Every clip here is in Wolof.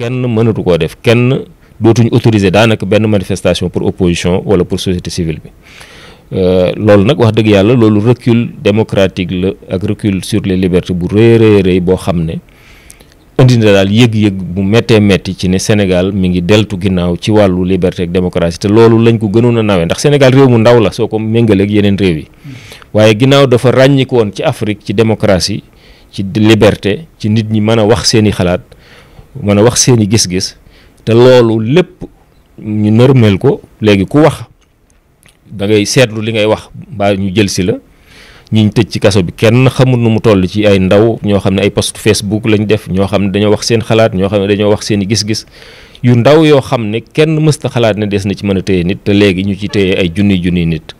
kenn mënatu koo def kenn dootuñu autoriser daanaka benn manifestation pour opposition wala pour société civile bi euh, loolu nag wax dëgg yàlla loolu recul démocratique la ak recul sur les libertés bu rëy rëy rëy boo xam ne indi na daal yëg-yëg bu méttee métti ci ne Sénégal mi ngi deltu ginnaaw ci wàllu liberté ak démocratie te loolu lañ ko gënoon a nawee ndax Sénégal réew mu ndaw la soo ko méngale ak yeneen réew yi waaye ginnaaw dafa ràññiku ci Afrique ci démocratie ci liberté ci nit ñi mën a wax seeni xalaat mën a wax seeni gis-gis te loolu lépp ñu nërmeel ko léegi ku wax da ngay seetlu li ngay wax mbaa ñu jël si la ñiñ tëj ci kaso bi kenn xamul nu mu toll ci ay ndaw ñoo xam ne ay post Facebook lañu def ñoo xam ne dañoo wax seen xalaat ñoo xam ne dañoo wax seeni gis-gis yu ndaw yoo xam ne kenn mësta xalaat ne des na ci mën a téye nit te léegi ñu ci teye ay junni junni nit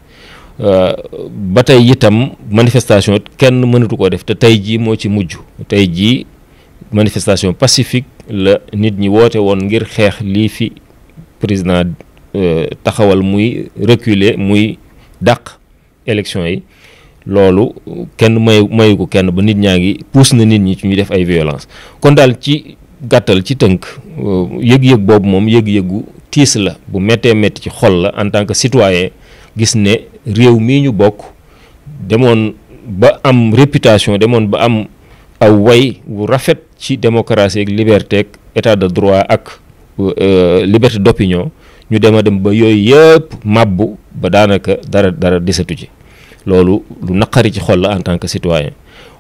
euh, ba tey itam manifestation kenn mënatu koo def te tey jii moo ci mujj tey jii manifestation pacifique la nit ñi woote woon ngir xeex lii fi président euh, taxawal muy reculer muy dàq élection yi loolu kenn mayu mayu ko kenn ba nit ñaa ngi pousse na nit ñi ci ñu def ay violence kon daal ci gàttal ci tënk euh, yëg-yëg boobu moom yëg-yëgu tiis la bu méttee métti ci xol la en tant que citoyen gis ne réew mii ñu bokk demoon ba am réputation demoon ba am aw way wu rafet ci démocratie ak liberté ak état de droit ak euh, liberté d'opinion ñu dem a dem ba yooyu yëpp màbbu ba daanaka dara dara desatu ci loolu lu naqari ci xol la en tant que citoyen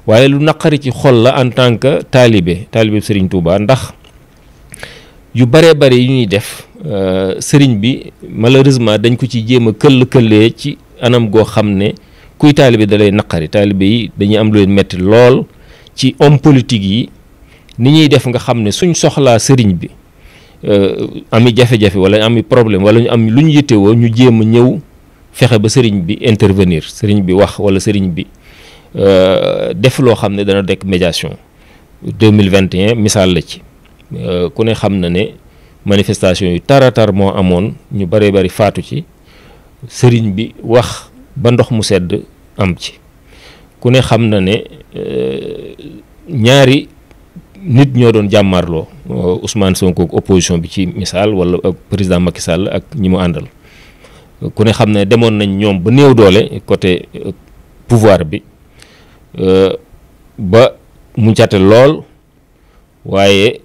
waaye lu naqari ci xol la en tant que taalibe taalibe Serigne Touba ndax yu bëree bëri yu ñuy def euh, sëriñ bi malheureusement dañ ko ci jéem a këll ci anam goo xam ne kuy taalibe da lay naqari taalibe yi dañuy am lu leen metti lool. ci homme politique yi ni ñuy def nga xam ne suñ soxlaa sëriñ bi euh, ami jafe-jafe wala ami problème wala ñu am lu ñu yittewoo ñu jéem a ñëw fexe ba sëriñ bi intervenir sëriñ bi wax wala sëriñ bi euh, def loo xam ne dana dekk médiation 2021 misaal la ci euh, ku ne xam na ne manifestation yu taratar moo amoon ñu bëree bëri faatu ci sëriñ bi wax ba ndox mu sedd am ci ku ne xam na ne ñaari nit ñoo doon jàmmaarloo euh, Ousmane Sonko opposition bi ci misaal wala euh, président Macky Sall ak ñi mu àndal ku ne xam ne demoon nañ ñoom ba néew doole côté euh, pouvoir bi ba mu jate lool waaye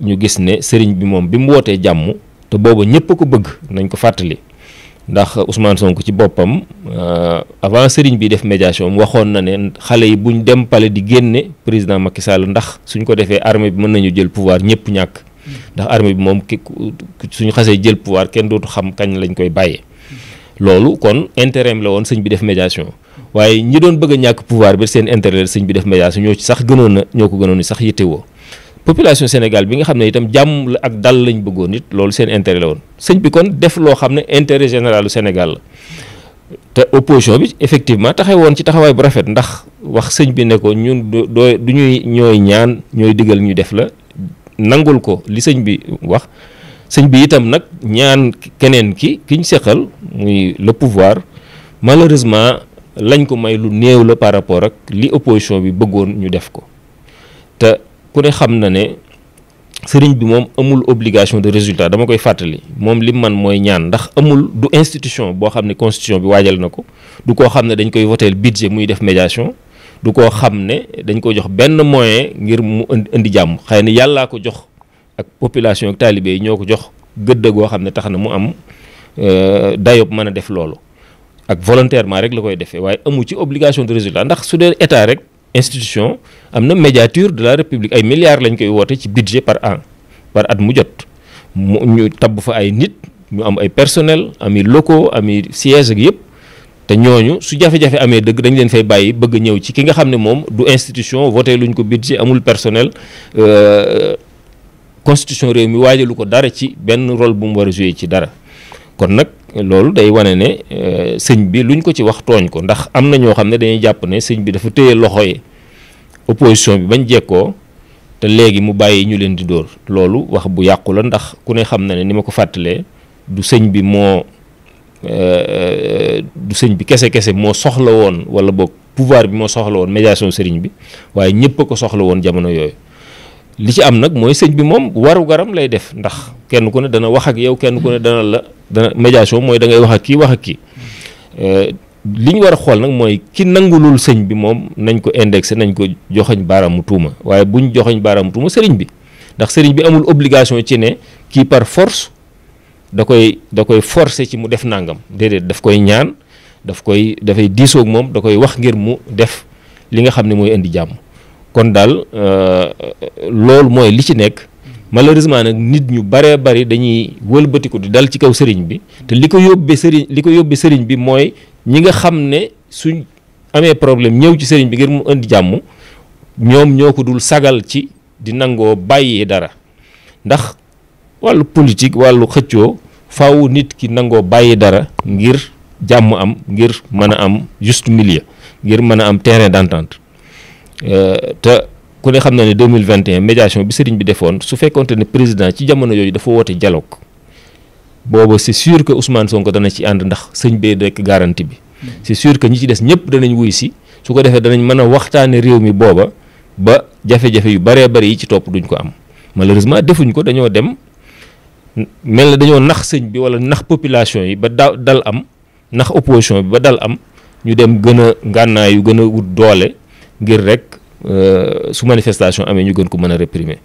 ñu gis ne sëriñ bi moom bi mu wootee jàmm te booba ñëpp a ko bëgg nañ ko fàttali. ndax Ousmane sonk ci boppam euh, avant sëriñ bi def médiation waxoon na ne xale yi buñ dem pale di génne président Macky Sall ndax suñ ko defee armée bi mën nañu jël pouvoir ñëpp ñàkk ndax armée bi moom ki suñu xasee jël pouvoir kenn dootu xam kañ lañ koy bàyyee loolu kon intérim la woon sëñ bi def médiation waaye ñi doon bëgg ñàkk pouvoir bi seen intérêt sëñ bi def médiation ñoo ci sax gënoon na ñoo ko gënoon sax yittewoo population Sénégal bi nga xam ne itam jàmm la ak dal lañ bëggoon it loolu seen intérêt la woon sëñ bi kon def loo xam ne intérêt généralu du Sénégal la te opposition bi effectivement taxawoon ci taxawaay bu rafet ndax wax sëñ bi ne ko ñun doo du ñuy ñooy ñaan ñooy digal ñu def la nangul ko li sëñ bi wax sëñ bi itam nag ñaan keneen ki ki ñu seqal muy le pouvoir malheureusement lañ ko may lu néew la par rapport ak li opposition bi bëggoon ñu def ko ku ne xam na ne sëriñ bi moom amul obligation de résultat dama koy fàttali moom lim man mooy ñaan ndax amul du institution boo xam ne constitution bi waajal na ko du koo xam ne dañ koy voteel budget muy def médiation du koo xam ne dañ ko jox benn moyen ngir mu indi jàmm xëy na yàllaa ko jox ak population ak taalibe yi ñoo ko jox gëdd goo xam ne tax na mu am euh, dayob mën a def loolu ak volontairement rek la koy defee waaye amu ci obligation de résultat ndax su dee état rek institution am na médiature de la république ay milliards lañ koy woote ci budget par an par at mu jot mu ñu tabb fa ay nit ñu am ay personnel ami locaux ami siège ak yëpp te ñooñu su jafe-jafe amee dëgg dañ leen fay bàyyi bëgg ñëw ci ki nga xam ne moom du institution voté luñ ko budget amul personnel euh, constitution réew mi waajalu ko dara ci benn rôle bu mu war a joué ci dara kon nag. loolu day wane ne euh, sëñ bi luñ ko ci wax tooñ ko ndax am na ñoo xam ne dañuy jàpp ne sëñ bi dafa téye loxo yi opposition bi bañ jekkoo te léegi mu bàyyi ñu leen di dóor loolu wax bu yàqu la ndax ku ne xam na ne ni ma ko fàttalee du sëñ bi moo euh, du sëñ bi kese kese moo soxla woon wala bokk pouvoir bi moo soxla woon médiation sëriñ bi waaye ñëpp a ko soxla woon jamono yooyu. li ci am nag mooy sëñ bi moom waru garam lay def ndax kenn ku ne dana wax ak yow kenn ku ne dana la dana médiation mooy da ngay wax ak kii wax ak kii euh, li ñu war a xool nag mooy ki nangulul sëñ bi moom nañ ko indexé nañ ko joxañ baaraamu waaye buñ joxañ baaraamu tuuma sëriñ bi ndax sëriñ bi amul obligation ci ne kii par force da koy da koy forcer ci mu def nangam déedéet daf koy ñaan daf koy dafay diisoog moom da koy wax ngir mu def li nga xam ne mooy indi jàmm kon daal euh, loolu mooy li ci nekk malheureusement nag nit ñu baree bari dañuy wëlbatiku di dal ci kaw sëriñ bi te li ko yóbbee sëriñ li ko yóbbee sëriñ bi mooy ñi nga xam ne suñ amee problème ñëw ci sëriñ bi ngir mu indi jàmm ñoom ñoo ko dul sagal ci di nangoo bàyyi dara ndax wàllu politique wàllu xëccoo faw nit ki nangoo bàyyi dara ngir jàmm am ngir mën a am juste milieu ngir mën a am terrain d'entente Euh, te ku ne xam na ne 2021 médiation bi sëriñ bi defoon su fekkonte ne président ci jamono yooyu dafa woote dialogue booba c'est sûr que Ousmane Sonko dana ci ànd ndax sëñ bee rekk garantie bi c'est sûr que ñi ci des ñëpp danañ wuy si su ko defee danañ mën a waxtaane réew mi booba ba jafe-jafe yu baree bari yi ci topp duñ ko am malheureusement defuñ ko dañoo dem mel na dañoo nax sëñ bi wala nax population yi ba da dal am nax opposition bi ba dal am ñu dem gën a ngànnaayu gën a wut doole ngir rek euh, su manifestation amee ñu gën ko mën a reprimer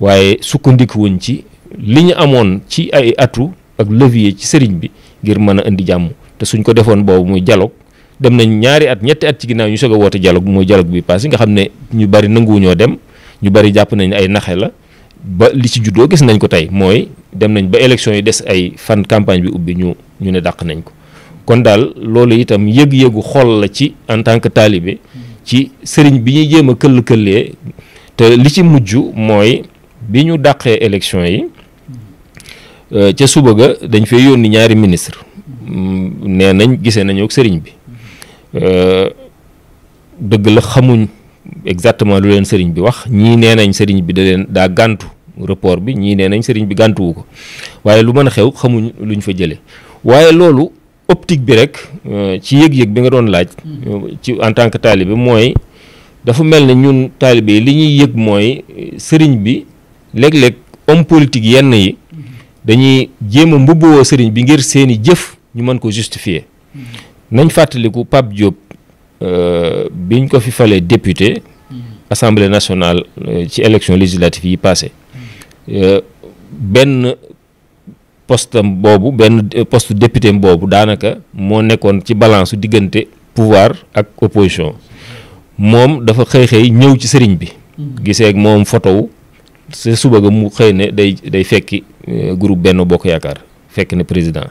waaye sukkandiku wuñ ci li ñu amoon ci ay atu ak levier ci sëriñ bi ngir mën a indi jàmm te suñ ko defoon boobu muy dialogue dem nañ ñaari at ñetti at ci ginnaaw ñu soog a woote dialogue mooy dialogue bi passé nga xam ne ñu bari nanguwu ñoo dem ñu bari jàpp nañ ay naxe la ba li ci juddoo gis nañ ko tey mooy dem nañ ba élection yi des ay fan campagne bi ubbi ñu ñu ne dàq nañ ko kon daal loolu itam yëg-yëgu xol la ci en tant que taalibe ci sëriñ bi ñuy jéem a këll-këllee te li ci mujj mooy bi ñu dàqee élection yi euh, ca suba ga dañ fay yónni ñaari ministre mm, nee nañ gisee nañu sëriñ bi euh, dëgg la xamuñ exactement lu leen sëriñ bi wax ñii nee nañ sëriñ bi daleen leen daa gàntu report bi ñii nee nañ sëriñ bi gàntuwu ko waaye lu mën a xew xamuñ luñ fa jëlee waaye loolu optique bi rek euh, ci yëg-yëg bi nga doon laaj ci en tant que taalibe mooy dafa mel ne ñun taalibe yi li ñuy yëg mooy euh, sëriñ bi léeg-léeg homme politique yenn yi dañuy jéem a mbubboo sëriñ bi ngir seeni jëf ñu mën ko justifier nañ fàttaliku Pape Diop euh, biñ ko fi falee député assemblée nationale ci élection législative yi passé benn poste am boobu benn euh, poste député am boobu daanaka moo nekkoon ci balance diggante pouvoir ak opposition moom dafa xëy xëy ñëw ci sëriñ bi. gisee ak moom photo sa suba ga mu xëy ne day day fekki euh, groupe benn Bokk Yaakaar fekk ne président.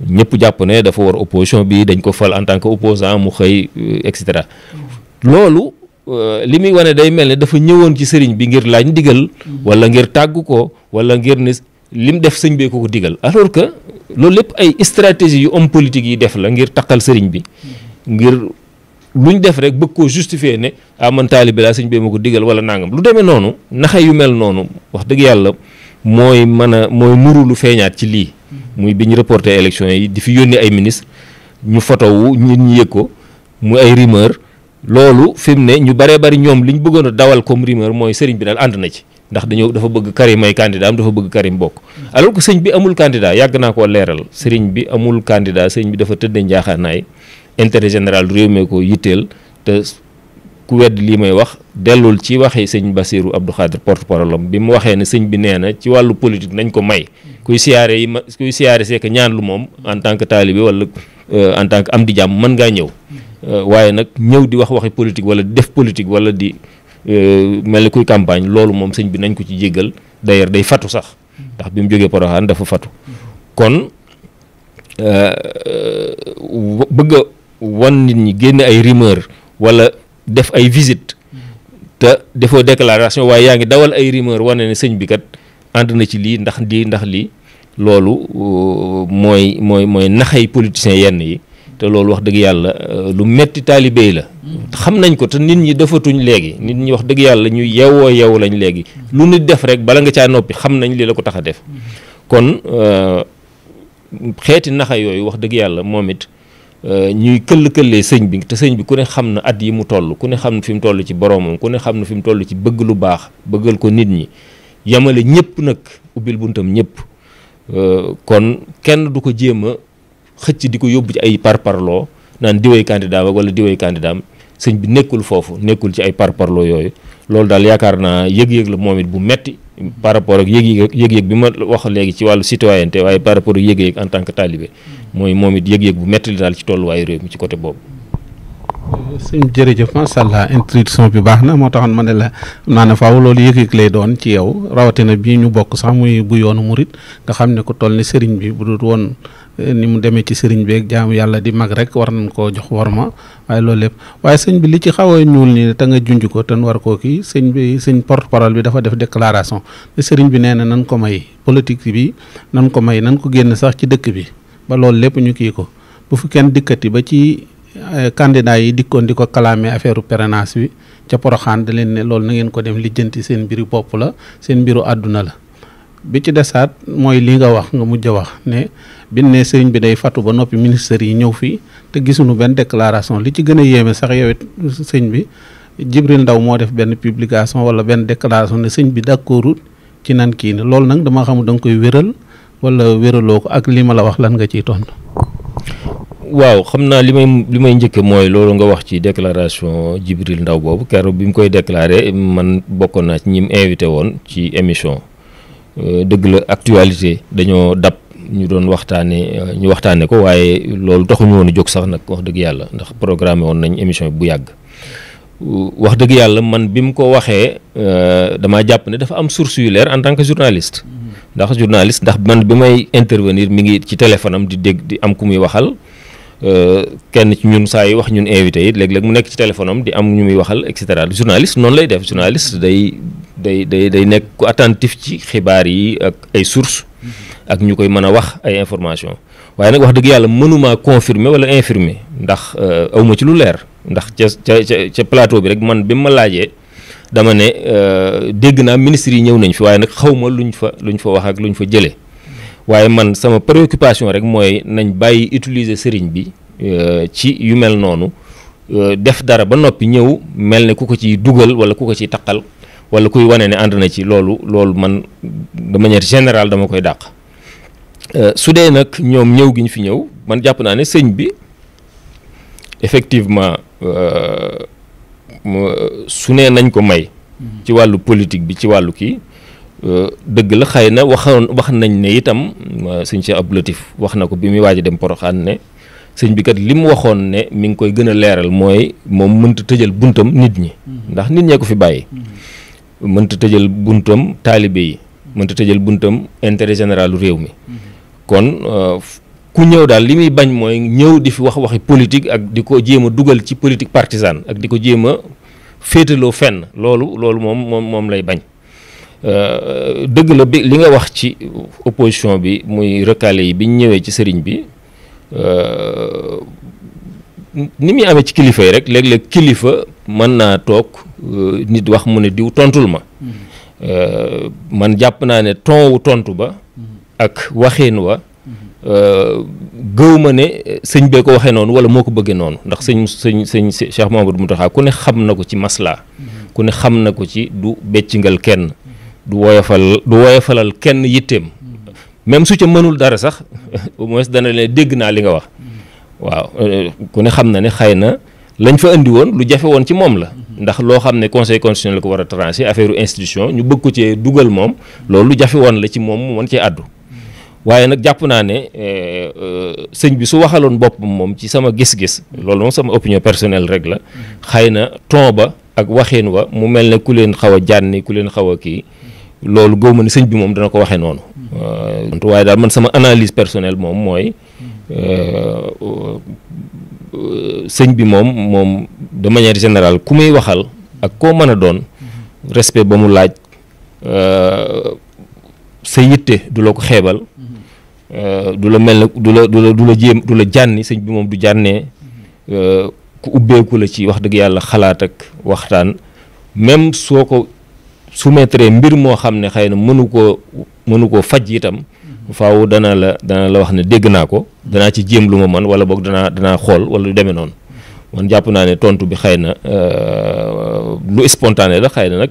ñëpp jàpp ne dafa war opposition bi dañ ko fal en tant que opposant mu xëy euh, et cetera loolu li muy wane day mel ne dafa ñëwoon ci sëriñ bi ngir laaj ndigal mm-hmm. wala ngir tàgg ko wala ngir ne lim def sëñ bee ko ko digal alors que loolu lépp ay stratégie yu homme politique yi def la ngir taqal sëriñ bi ngir luñ def rek bëgg ko justifier ne ah man taalibe laa sëñ bee ma ko digal wala nangam lu demee noonu naxa yu mel noonu wax dëgg yàlla mooy mën a mooy nuru lu feeñaat ci lii. muy bi ñu reporté élection yi di fi yónni ay ministre ñu fotowu nit ñi yëg ko mu ay rumeur loolu fi ne ñu baree bari ñoom ñu bëggoon a dawal comme rumeur mooy sëriñ bi daal na ci. ndax dañoo dafa bëgg Karim ay candidat am dafa bëgg Karim bokk alors que sëñ bi amul candidat yàgg naa ko leeral sëriñ bi amul candidat sëriñ bi dafa tëdd njaaxaanaay intérêt général réew mi ko yitteel te ku wedd lii may wax dellul ci waxi sëñ Bassirou Abdou Khadir porte parole bi mu waxee ne sëñ bi nee na ci wàllu politique nañ ko may kuy siyaare yi ma kuy siyaare seek ñaan lu moom en tant que taalibe wala euh, en tant que am di jàmm mën ngaa ñëw euh, waaye nag ñëw di wax waxi politique wala di politique wala di Euh, mel ni kuy campagne loolu moom sëñ bi nañ ko ci jéggal d'ailleurs day fatu sax ndax bi mu jógee Porokhane dafa fatu kon euh, bëgg wan nit ñi génne ay rumeur wala def ay visite te defoo déclaration waaye yaa ngi dawal ay rumeur wane ne sëñ bi kat ànd na ci lii ndax lii ndax lii loolu euh, mooy mooy mooy naxay politiciens yenn yi te loolu wax dëgg yàlla euh, lu metti taalibe la xam nañ ko te nit ñi defatuñ léegi nit ñi wax dëgg yàlla ñu yewoo yew lañ léegi lu nit def rek bala nga caa noppi xam nañ li la ko tax a def kon euh, xeeti naxa yooyu wax dëgg yàlla moom it euh, ñuy këll-këllee sëñ bi te sëñ bi ku ne xam na at yi mu toll ku ne xam na fi mu toll ci boroomam ku ne xam na fi mu toll ci bëgg lu baax bëggal ko nit ñi yamale ñëpp nag ubbil buntam ñëpp kon kenn du ko jéem a xëcc di ko yóbbu ci ay parparloo naan diwee candidat ba wala diwee candidat am sëñ bi nekkul foofu nekkul ci ay parparloo yooyu loolu daal yaakaar naa yëg-yëg la moom it bu metti par rapport ak yëg-yëg yëg-yëg bi ma wax léegi ci wàllu citoyenneté waaye par rapport ak yëg-yëg en tant que talibé mm. mooy moom it yëg-yëg bu metti la daal ci tolluwaayu réew mi ci côté boobu suñ jërëjëf macha allah introduction bi baax na moo taxoon ma ne la xam naa ne faaw loolu yëg-yëg lay doon ci yow rawatina bii ñu bokk sax muy bu yoonu murit nga xam ne ku toll ni sëriñ bi bu dul woon eh, ni mu demee ci sëriñ beeg jaamu yàlla di mag rek war nañ koo jox war ma waaye loolu lépp waaye sëñ bi li ci xaw a ñuul nii te nga junj ko te war koo kii sëñ bi sëñ porte parole bi dafa def déclaration te sëriñ bi nee na nan ko may politique bi nan ko may nan ko génn sax ci dëkk bi ba loolu lépp ñu ko Euh, candidat yi dikkoon di ko kalaamee affaire parrainage bi ca Porokhane da leen ne loolu na ngeen ko dem lijjanti seen mbiru bopp la seen mbiru àdduna la bi ci desaat mooy lii nga wax nga mujj a wax ne biñ ne sëñ bi day fatu ba noppi ministère yi ñëw fii te gisuñu benn déclaration li ci gën a yéeme sax yow sëñ bi Jibril Ndaw moo def benn publication wala benn déclaration ne sëñ bi d'accordul ci nan kii ne loolu nag dama xamul da nga koy wéral wala wéraloo ko ak li ma la wax lan nga ciy tontu. waaw xam naa li may li may njëkk mooy loolu nga wax ci déclaration Djibril Ndaw boobu keroog bi mu koy déclaré man bokkoon naa ñi mu invité woon ci émission euh, dëgg la actualité dañoo dab ñu doon waxtaanee euh, ñu waxtaanee ko waaye loolu taxuñu woon a jóg sax nag wax dëgg yàlla ndax programme woon nañu émission bu yàgg euh, wax dëgg yàlla man bi mu ko waxee damaa jàpp ne dafa am source yu leer en tant que journaliste. Mm-hmm. ndax journaliste ndax man bi may intervenir mi ngi ci téléphone am di dégg di am ku muy waxal. Euh, kenn ci ñun saa yi wax ñun invité yi léeg-léeg mu nekk ci téléphone am di am ñu muy waxal et cetera journaliste noonu lay def journaliste day day day day nekk ku attentif ci xibaar yi ak ay sources ak ñu koy mën a wax ay information waaye nag wax dëgg yàlla mënumaa confirmer wala infirmer ndax euh, awma ci lu leer ndax ca ca ca ca plateau bi rek man bi ma laajee dama ne euh, dégg naa ministre yi ñëw nañ fi waaye nag xawma ñu fa lu ñu fa wax ak lu ñu fa jëlee waaye man sama préoccupation rek mooy nañ bàyyi utiliser sëriñ bi euh, ci yu mel noonu euh, def dara ba noppi ñëw mel ne ku ko ci dugal wala ku ko ci taqal wala kuy wane ne ànd na ci loolu loolu man de manière générale dama koy dàq euh, su dee nag ñoom ñëw gi ñu fi ñëw man jàpp naa ne sëñ bi effectivement su nee nañ ko may. ci wàllu politique bi ci wàllu kii. dëgg la xëy na waxoon wax nañ ne itam euh, sëñ Cheikh Abdou Latif wax na ko bi muy waaj a dem Poroxaan ne sëñ bi kat li mu waxoon ne mi ngi koy gën a leeral mooy moom mënta tëjal buntam nit ñi mm-hmm. ndax nit ñee ko fi bàyyi mm-hmm. mënta tëjal buntam taalibe yi mënta tëjal buntam intere général réew mi mm-hmm. kon euh, ku ñëw daal li muy bañ mooy ñëw di fi wax waxi politique ak di ko jéem a dugal ci politique partisane ak di ko jéem a féetaloo fenn loolu loolu moom moom moom lay bañ Euh, dëgg la bi li nga wax ci opposition bi muy recalé yi bi ñëwee ci sëriñ bi euh, ni muy amee ci kilifa yi rek léeg-léeg kilifa mën naa toog euh, nit wax mu ne diw tontul ma man jàpp naa ne ton tontu ba ak waxeen wa gëw ma ne sëñ bee ko waxe noonu wala moo ko bëggee noonu ndax sëñ sëñ sëñ Cheikh Mamadou Mountakha ku ne xam na ko ci maslaa ku ne xam na ko ci du beccingal kenn du woyofal woyofalal kenn yitteem même su ca mënul dara sax au moins dana leen dégg naa li nga wax waaw ku ne xam na ne xëy na lañ fa indi woon lu jafe woon ci moom la ndax loo xam ne conseil constitutionnel la ko war a tranché affaire institution ñu bëgg ko cee dugal moom loolu lu jafe woon la ci moom mu mën cee àddu waaye nag jàpp naa ne eh, eh, sëñ bi su waxaloon bopp moom ci sama gis-gis loolu moom sama opinion personnelle rek la xëy na ton ba ak waxeen wa mu mel ne ku leen xaw a jànni leen xaw a kii loolu gëw ma ne sëñ bi moom dana ko waxee noonu. Mm-hmm. Euh, waaye daal man sama analyse personnelle moom mooy mm-hmm. euh, sëñ bi moom moom de manière générale ku muy waxal ak koo mën a doon mm-hmm. respect ba mu laaj euh, sa yitte du la ko xeebal. du la mel du la du la du la du la jànni sëñ bi moom du jànnee ku ubbeeku la ci wax dëgg yàlla xalaat ak waxtaan même soo ko. su soumettre mbir moo xam ne xëy na mënu koo mënu koo faj itam faaw dana la dana la wax ne dégg naa ko danaa ci jéem lu ma man wala boog danaa danaa xool wala lu demee noonu man jàpp naa ne tontu bi xëy na euh, lu spontané la xëy na nag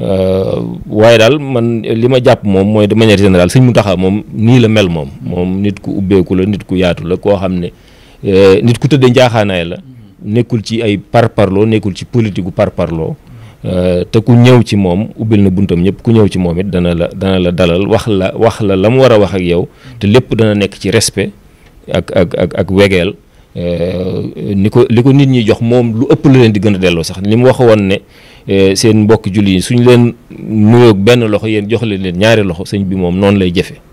euh, waaye daal man li ma jàpp moom mooy de manière générale mu Muntaxa moom nii la mel moom moom nit ku ubbeeku la nit ku yaatu la koo xam ne euh, nit ku tëddee njaaxaanaay la nekkul ci ay loo nekkul ci politique par parparloo Euh, te ku ñëw ci moom ubbil na buntam ñëpp ku ñëw ci moom it dana la dana la dalal wax la wax la la mu war a wax ak yow te lépp dana nekk ci respe ak ak ak ak wegeel euh, ni ko li ko nit ñi jox moom lu ëpp la leen di gën a delloo sax li mu wax waxoon ne euh, seen mbokk julli yi suñ leen nuyoog benn loxo yéen jox leen leen ñaari loxo sëñ bi moom noonu lay jafe